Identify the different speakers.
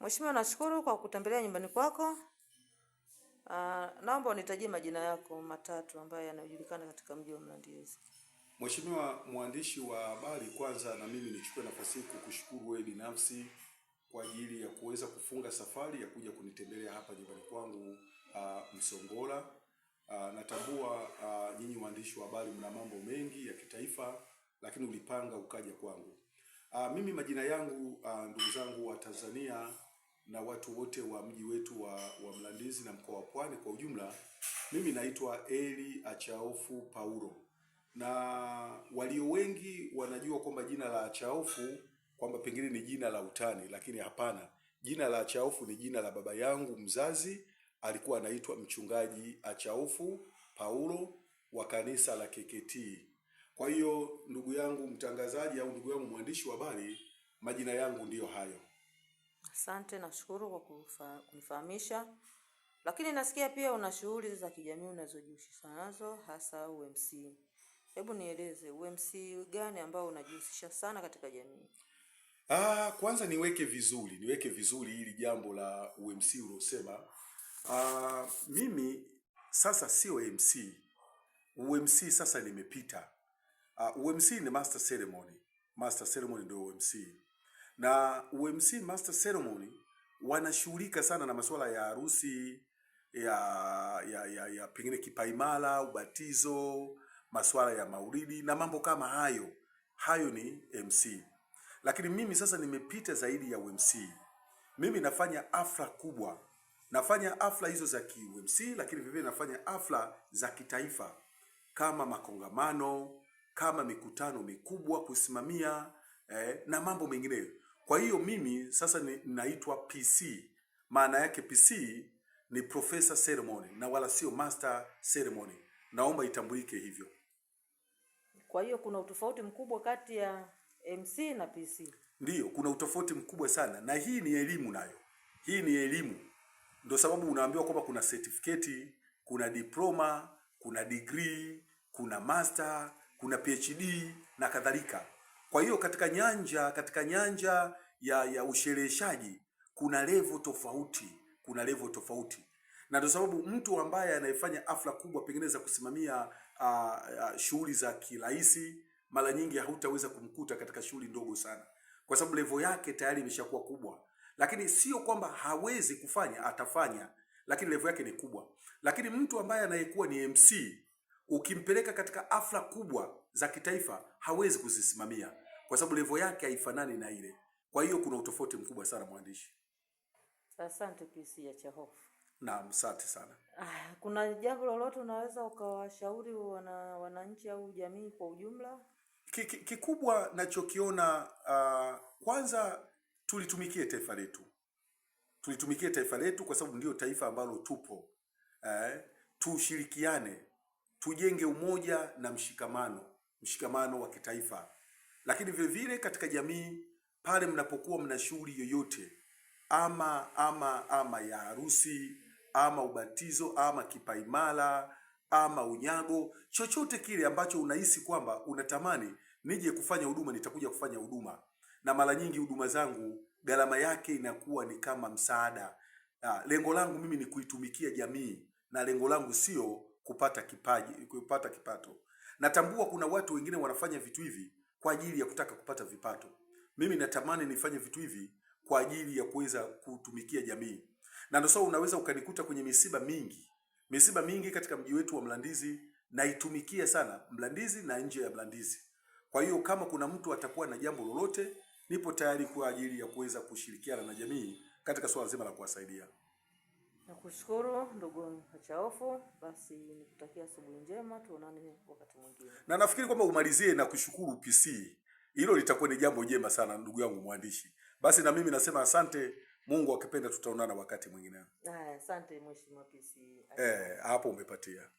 Speaker 1: Mheshimiwa, nashukuru kwa kutembelea nyumbani kwako. Uh, naomba unitajie majina yako matatu ambayo yanajulikana katika mji wa Mlandizi.
Speaker 2: Mheshimiwa mwandishi wa habari, kwanza na mimi nichukue nafasi hii kukushukuru wewe binafsi kwa ajili ya kuweza kufunga safari ya kuja kunitembelea hapa nyumbani kwangu uh, Msongola. Uh, natambua uh, nyinyi waandishi wa habari mna mambo mengi ya kitaifa, lakini ulipanga ukaja kwangu. Uh, mimi majina yangu uh, ndugu zangu wa Tanzania na watu wote wa mji wetu wa, wa Mlandizi na mkoa wa Pwani kwa ujumla. Mimi naitwa Eli Achaofu Paulo, na walio wengi wanajua kwamba jina la Achaofu kwamba pengine ni jina la utani, lakini hapana. Jina la Achaofu ni jina la baba yangu mzazi, alikuwa anaitwa Mchungaji Achaofu Paulo wa kanisa la KKT. Kwa hiyo ndugu yangu mtangazaji au ndugu yangu mwandishi wa habari, majina yangu ndiyo hayo.
Speaker 1: Asante, nashukuru kwa kunifahamisha. Lakini nasikia pia una shughuli za kijamii unazojihusisha nazo hasa UMC. Hebu nieleze UMC gani ambao unajihusisha sana katika jamii?
Speaker 2: Ah, kwanza niweke vizuri, niweke vizuri hili jambo la UMC uliosema. Ah, mimi sasa sio MC. UMC sasa nimepita. Ah, UMC ni master ceremony. Master ceremony ndio UMC na UMC Master Ceremony wanashughulika sana na masuala ya harusi ya ya ya, ya pengine kipaimara, ubatizo, masuala ya maulidi na mambo kama hayo. Hayo ni MC, lakini mimi sasa nimepita zaidi ya UMC. Mimi nafanya afla kubwa, nafanya afla hizo za ki-UMC, lakini vivyo nafanya afla za kitaifa kama makongamano, kama mikutano mikubwa kusimamia eh, na mambo mengineyo. Kwa hiyo mimi sasa ninaitwa PC, maana yake PC ni professor ceremony na wala sio master ceremony. Naomba itambulike hivyo.
Speaker 1: Kwa hiyo kuna utofauti mkubwa kati ya MC na PC.
Speaker 2: Ndiyo, kuna utofauti mkubwa sana, na hii ni elimu nayo, hii ni elimu. Ndio sababu unaambiwa kwamba kuna certificate, kuna diploma, kuna degree, kuna master, kuna PhD na kadhalika. Kwa hiyo katika nyanja katika nyanja ya ya ushereheshaji kuna levo tofauti, kuna levo tofauti, na ndio sababu mtu ambaye anayefanya afla kubwa pengine za kusimamia shughuli za kirahisi, mara nyingi hautaweza kumkuta katika shughuli ndogo sana, kwa sababu levo yake tayari imeshakuwa kubwa. Lakini sio kwamba hawezi kufanya, atafanya, lakini levo yake ni kubwa. Lakini mtu ambaye anayekuwa ni MC Ukimpeleka katika afla kubwa za kitaifa hawezi kuzisimamia kwa sababu levo yake haifanani na ile. Kwa hiyo kuna utofauti mkubwa sana mwandishi.
Speaker 1: Asante PC ya Chahofu.
Speaker 2: Naam, asante sana.
Speaker 1: Ah, kuna jambo lolote unaweza ukawashauri wana, wananchi au jamii kwa ujumla?
Speaker 2: Kikubwa nachokiona uh, kwanza tulitumikie taifa letu, tulitumikie taifa letu kwa sababu ndio taifa ambalo tupo eh, tushirikiane tujenge umoja na mshikamano, mshikamano wa kitaifa. Lakini vile vile katika jamii, pale mnapokuwa mna shughuli yoyote ama ama ama ya harusi ama ubatizo ama kipaimara ama unyago, chochote kile ambacho unahisi kwamba unatamani nije kufanya huduma, nitakuja kufanya huduma. Na mara nyingi huduma zangu gharama yake inakuwa ni kama msaada. Ah, lengo langu mimi ni kuitumikia jamii, na lengo langu sio kupata kipaji, kupata kipato. Natambua kuna watu wengine wanafanya vitu hivi kwa ajili ya kutaka kupata vipato. Mimi natamani nifanye vitu hivi kwa ajili ya kuweza kutumikia jamii, na ndio sababu unaweza ukanikuta kwenye misiba mingi, misiba mingi katika mji wetu wa Mlandizi. Naitumikia sana Mlandizi na nje ya Mlandizi. Kwa hiyo kama kuna mtu atakuwa na jambo lolote, nipo tayari kwa ajili ya kuweza kushirikiana na jamii katika swala zima la kuwasaidia.
Speaker 1: Nakushukuru ndugu Machaofu, basi nikutakia asubuhi njema, tuonane wakati mwingine.
Speaker 2: Na nafikiri kwamba umalizie na kushukuru PC, hilo litakuwa ni jambo jema sana, ndugu yangu mwandishi. Basi na mimi nasema asante. Mungu akipenda tutaonana wakati mwingine.
Speaker 1: Haya, asante mheshimiwa PC.
Speaker 2: Eh, hapo umepatia.